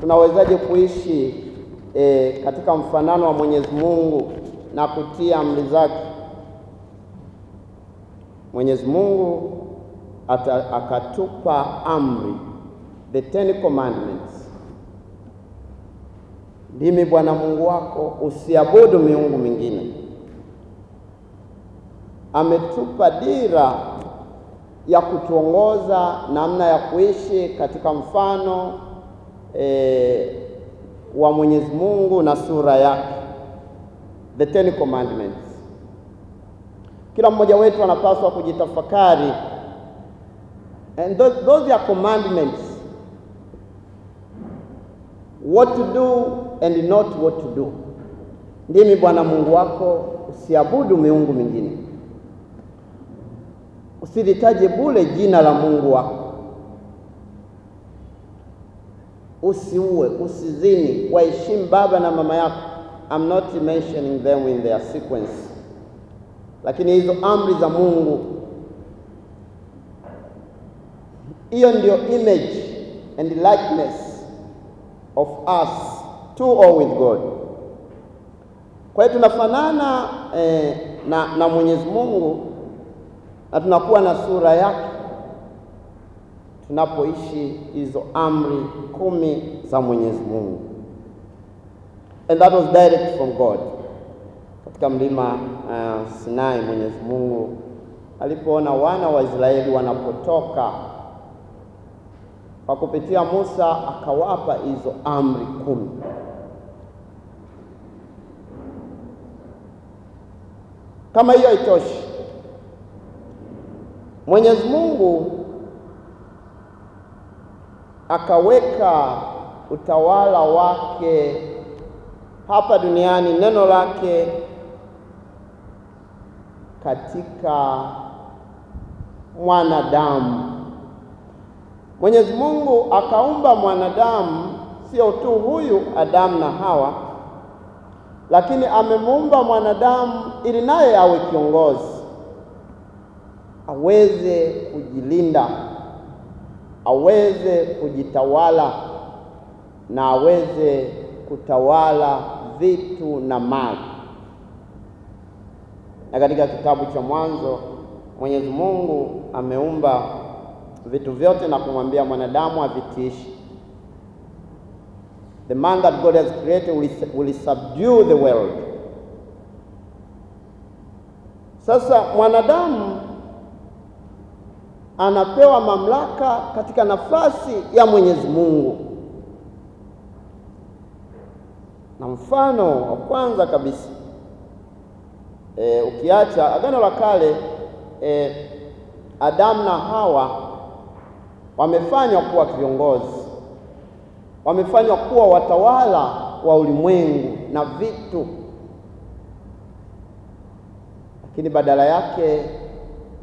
tunawezaje kuishi e, katika mfanano wa Mwenyezi Mungu na kutii amri zake? Mwenyezi Mungu ata, akatupa amri, the ten commandments: ndimi Bwana Mungu wako, usiabudu miungu mingine. Ametupa dira ya kutuongoza namna ya kuishi katika mfano e, wa Mwenyezi Mungu na sura yake, the Ten Commandments. Kila mmoja wetu anapaswa kujitafakari, and those, those are commandments what to do and not what to do. Ndimi Bwana Mungu wako, usiabudu miungu mingine, usilitaje bure jina la Mungu wako. usiue, usizini, waheshimu baba na mama yako. I'm not mentioning them in their sequence, lakini hizo amri za Mungu, hiyo ndio image and likeness of us to or with God. Kwa hiyo tunafanana eh, na, na Mwenyezi Mungu na tunakuwa na sura yake tunapoishi hizo amri kumi za Mwenyezi Mungu, and that was direct from God. Katika mlima uh, Sinai, Mwenyezi Mungu alipoona wana wa Israeli wanapotoka kwa kupitia Musa akawapa hizo amri kumi. Kama hiyo haitoshi, Mwenyezi Mungu akaweka utawala wake hapa duniani, neno lake katika mwanadamu. Mwenyezi Mungu akaumba mwanadamu, sio tu huyu Adamu na Hawa, lakini amemuumba mwanadamu ili naye awe kiongozi, aweze kujilinda aweze kujitawala na aweze kutawala vitu na mali. Na katika kitabu cha Mwanzo Mwenyezi Mungu ameumba vitu vyote na kumwambia mwanadamu avitiishi. The man that God has created will subdue the world. Sasa mwanadamu anapewa mamlaka katika nafasi ya Mwenyezi Mungu. Na mfano wa kwanza kabisa e, ukiacha Agano la Kale e, Adamu na Hawa wamefanywa kuwa viongozi, wamefanywa kuwa watawala wa ulimwengu na vitu, lakini badala yake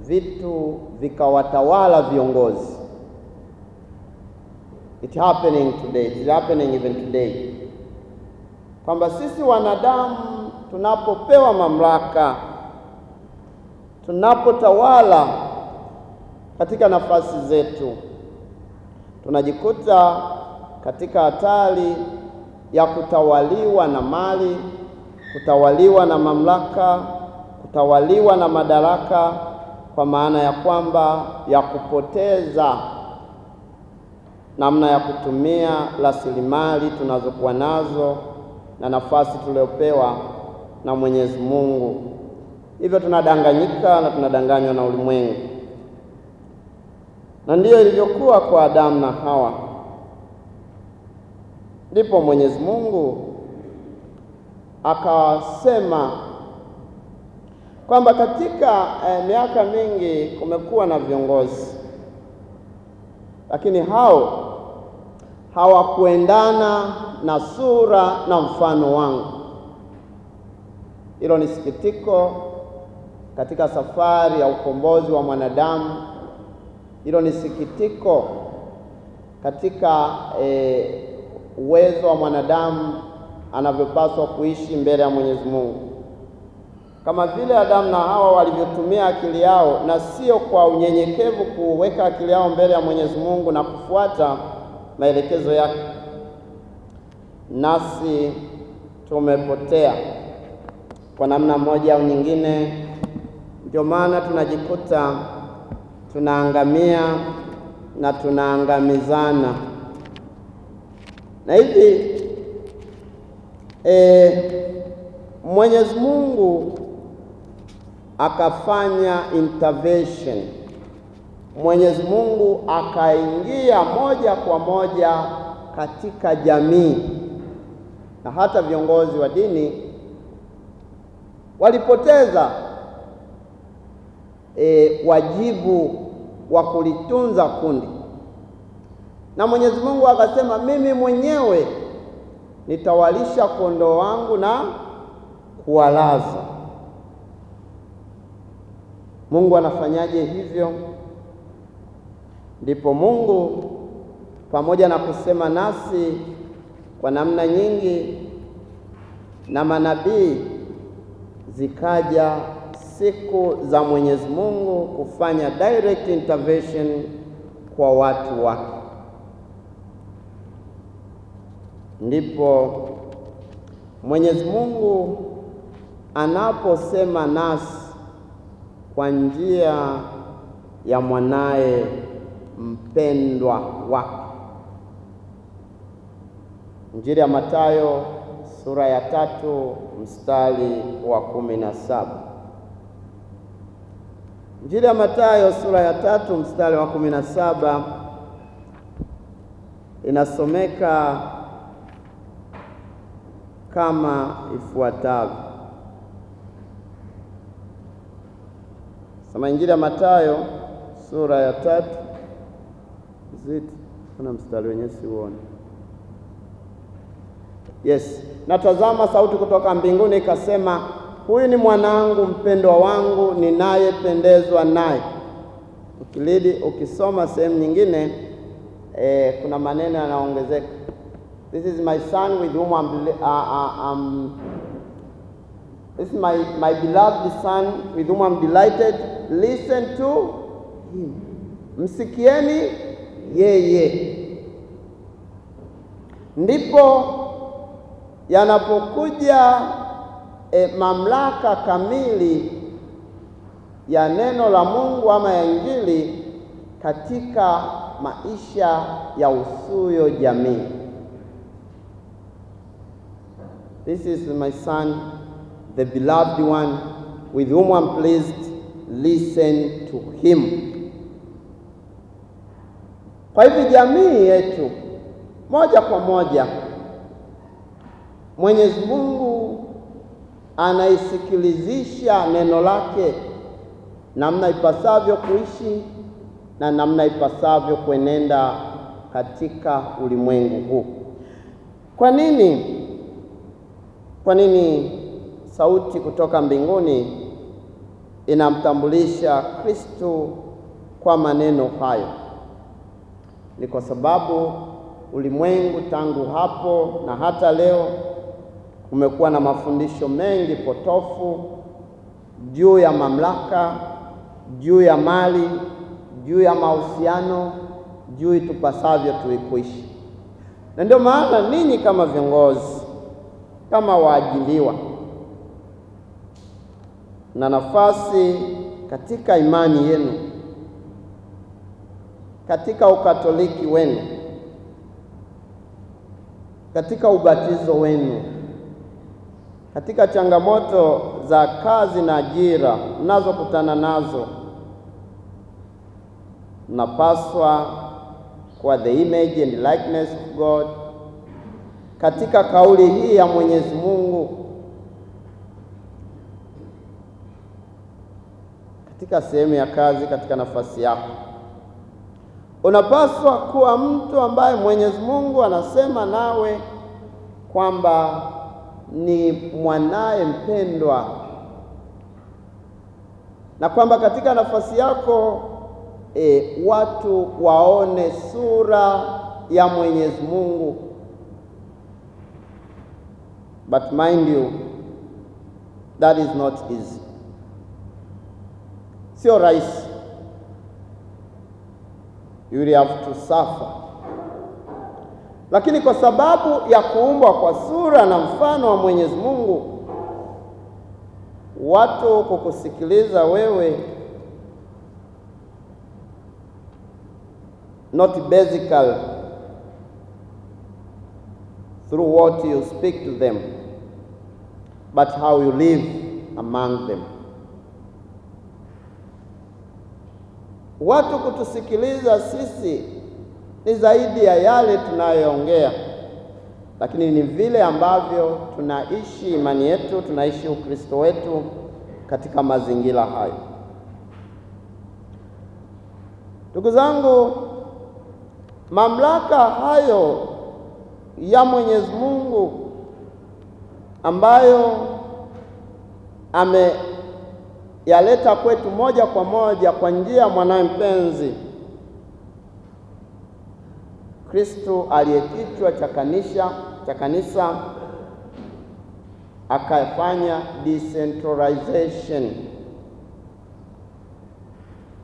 vitu vikawatawala viongozi. It happening today, it happening even today, kwamba sisi wanadamu tunapopewa mamlaka, tunapotawala katika nafasi zetu, tunajikuta katika hatari ya kutawaliwa na mali, kutawaliwa na mamlaka, kutawaliwa na madaraka kwa maana ya kwamba ya kupoteza namna ya kutumia rasilimali tunazokuwa nazo na nafasi tuliopewa na Mwenyezi Mungu. Hivyo tunadanganyika na tunadanganywa na ulimwengu, na ndiyo ilivyokuwa kwa Adamu na Hawa. Ndipo Mwenyezi Mungu akasema kwamba katika eh, miaka mingi kumekuwa na viongozi lakini hao hawakuendana na sura na mfano wangu. Hilo ni sikitiko katika safari ya ukombozi wa mwanadamu. Hilo ni sikitiko katika eh, uwezo wa mwanadamu anavyopaswa kuishi mbele ya Mwenyezi Mungu kama vile Adamu na Hawa walivyotumia akili yao na sio kwa unyenyekevu kuweka akili yao mbele ya Mwenyezi Mungu na kufuata maelekezo yake, nasi tumepotea kwa namna moja au nyingine. Ndio maana tunajikuta tunaangamia na tunaangamizana na hivi e, Mwenyezi Mungu akafanya intervention, Mwenyezi Mungu akaingia moja kwa moja katika jamii, na hata viongozi wa dini walipoteza e, wajibu wa kulitunza kundi, na Mwenyezi Mungu akasema, mimi mwenyewe nitawalisha kondoo wangu na kuwalaza Mungu anafanyaje hivyo? Ndipo Mungu pamoja na kusema nasi kwa namna nyingi na manabii, zikaja siku za Mwenyezi Mungu kufanya direct intervention kwa watu wake. Ndipo Mwenyezi Mungu anaposema nasi kwa njia ya mwanaye mpendwa wake. Injili ya Mathayo sura ya tatu mstari wa kumi na saba. Injili ya Mathayo sura ya tatu mstari wa kumi na saba inasomeka kama ifuatavyo: Soma Injili ya Mathayo sura ya tatu ziti kuna mstari wenyewe siuone. Yes, natazama sauti kutoka mbinguni ikasema, huyu ni mwanangu mpendwa wangu ninayependezwa naye. Ukilidi ukisoma sehemu nyingine eh, kuna maneno yanaongezeka, this is my son with whom I'm, uh, uh, um, This is my, my beloved son with whom I'm delighted. Listen to him. Msikieni yeye. Ndipo yanapokuja e, mamlaka kamili ya neno la Mungu ama ya Injili katika maisha ya usuyo jamii. This is my son the beloved one with whom I'm pleased, listen to him. Kwa hivyo jamii yetu moja kwa moja Mwenyezi Mungu anaisikilizisha neno lake namna ipasavyo kuishi na namna ipasavyo kuenenda katika ulimwengu huu. Kwa nini? Kwa nini sauti kutoka mbinguni inamtambulisha Kristo kwa maneno hayo. Ni kwa sababu ulimwengu tangu hapo na hata leo umekuwa na mafundisho mengi potofu juu ya mamlaka, juu ya mali, juu ya mahusiano, juu itupasavyo tuikuishi. Na ndio maana ninyi kama viongozi, kama waajiliwa na nafasi katika imani yenu, katika ukatoliki wenu, katika ubatizo wenu, katika changamoto za kazi na ajira mnazokutana nazo. Mnapaswa kwa the image and likeness of God katika kauli hii ya Mwenyezi Mungu katika sehemu ya kazi, katika nafasi yako. Unapaswa kuwa mtu ambaye Mwenyezi Mungu anasema nawe kwamba ni mwanaye mpendwa, na kwamba katika nafasi yako e, watu waone sura ya Mwenyezi Mungu. But mind you that is not easy sio rahisi. You will have to suffer. Lakini kwa sababu ya kuumbwa kwa sura na mfano wa Mwenyezi Mungu, watu kukusikiliza wewe, not basically through what you speak to them but how you live among them. watu kutusikiliza sisi ni zaidi ya yale tunayoongea, lakini ni vile ambavyo tunaishi imani yetu, tunaishi Ukristo wetu katika mazingira hayo. Ndugu zangu, mamlaka hayo ya Mwenyezi Mungu ambayo ame yaleta kwetu moja kwa moja kwa njia ya mwanaye mpenzi Kristo aliye kichwa cha kanisa cha kanisa, akafanya decentralization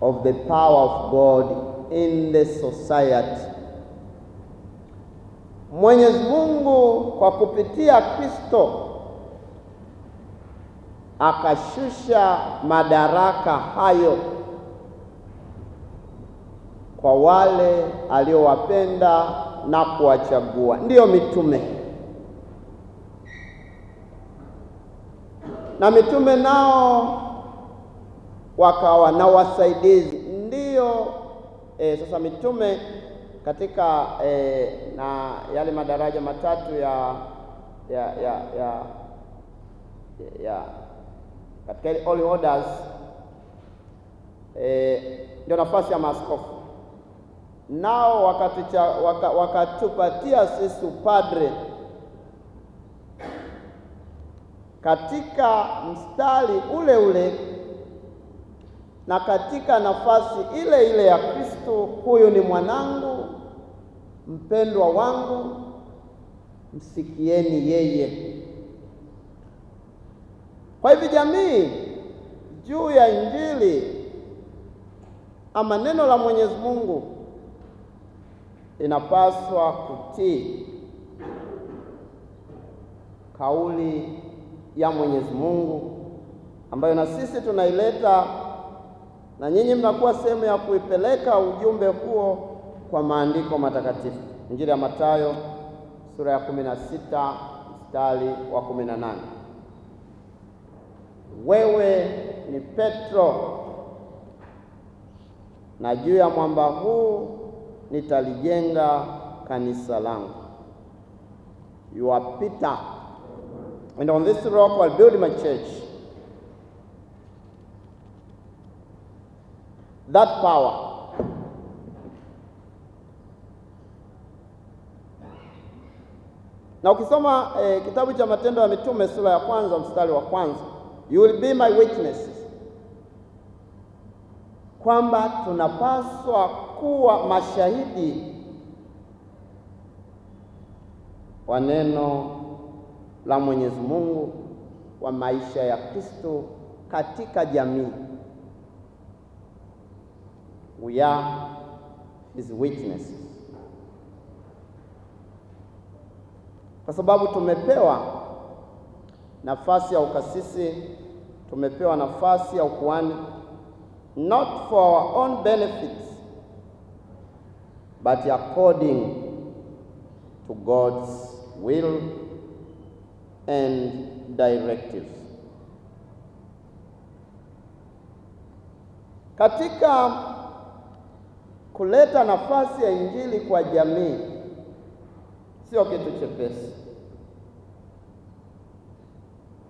of the power of God in the society. Mwenyezi Mungu kwa kupitia Kristo akashusha madaraka hayo kwa wale aliowapenda na kuwachagua, ndiyo mitume. Na mitume nao wakawa na wasaidizi, ndiyo e, sasa mitume katika e, na yale madaraja matatu ya ya ya ya, ya katika ile holy orders e, ndio nafasi ya maaskofu nao wakatupatia waka sisi upadre katika mstari ule ule na katika nafasi ile ile ya Kristo. Huyu ni mwanangu mpendwa wangu, msikieni yeye. Kwa hivyo jamii, juu ya injili ama neno la Mwenyezi Mungu inapaswa kutii kauli ya Mwenyezi Mungu ambayo na sisi tunaileta na nyinyi mnakuwa sehemu ya kuipeleka ujumbe huo kwa maandiko matakatifu. Injili ya Mathayo sura ya 16 mstari wa 18 wewe ni Petro, na juu ya mwamba huu nitalijenga kanisa langu. You are Peter and on this rock I'll build my church. That power na ukisoma eh, kitabu cha Matendo ya Mitume sura ya kwanza mstari wa kwanza you will be my witnesses, kwamba tunapaswa kuwa mashahidi wa neno la Mwenyezi Mungu, wa maisha ya Kristo katika jamii. We are his witnesses, kwa sababu tumepewa nafasi ya ukasisi, tumepewa nafasi ya ukuhani, not for our own benefits but according to God's will and directives. Katika kuleta nafasi ya injili kwa jamii sio kitu chepesi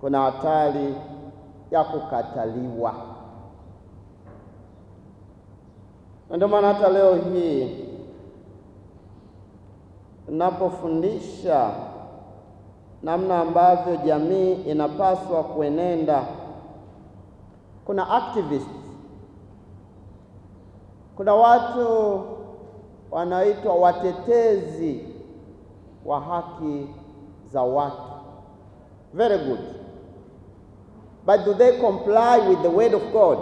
kuna hatari ya kukataliwa, na ndio maana hata leo hii napofundisha namna ambavyo jamii inapaswa kuenenda, kuna activists, kuna watu wanaitwa watetezi wa haki za watu. Very good but do they comply with the word of God?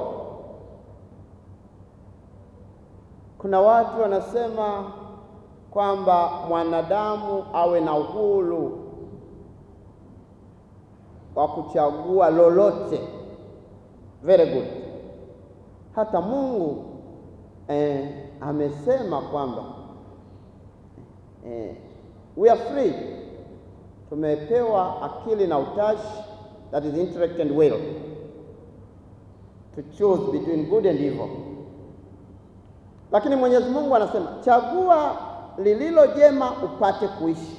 Kuna watu wanasema kwamba mwanadamu awe na uhuru wa kuchagua lolote. Very good. Hata Mungu eh, amesema kwamba eh, we are free, tumepewa akili na utashi that is intellect and will, to choose between good and evil. Lakini Mwenyezi Mungu anasema chagua lililo jema upate kuishi,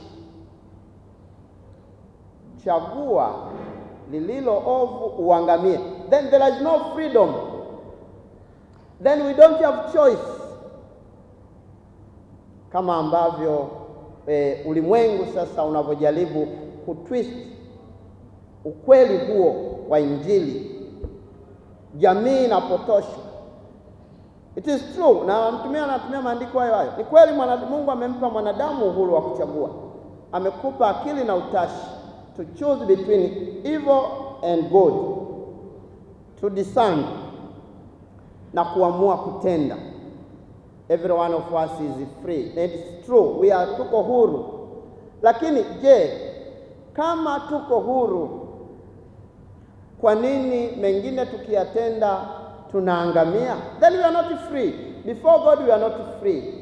chagua lililo ovu uangamie. Then there is no freedom, then we don't have choice, kama ambavyo eh, ulimwengu sasa unavyojaribu kutwist ukweli huo wa Injili, jamii inapotoshwa. It is true, na mtumia anatumia maandiko hayo hayo. Ni kweli, Mungu amempa mwanadamu uhuru wa kuchagua, amekupa akili na utashi, to choose between evil and good, to discern na kuamua kutenda. Every one of us is free. It's true, we are tuko huru. Lakini je, kama tuko huru kwa nini mengine tukiyatenda tunaangamia? Then we are not free before God, we are not free.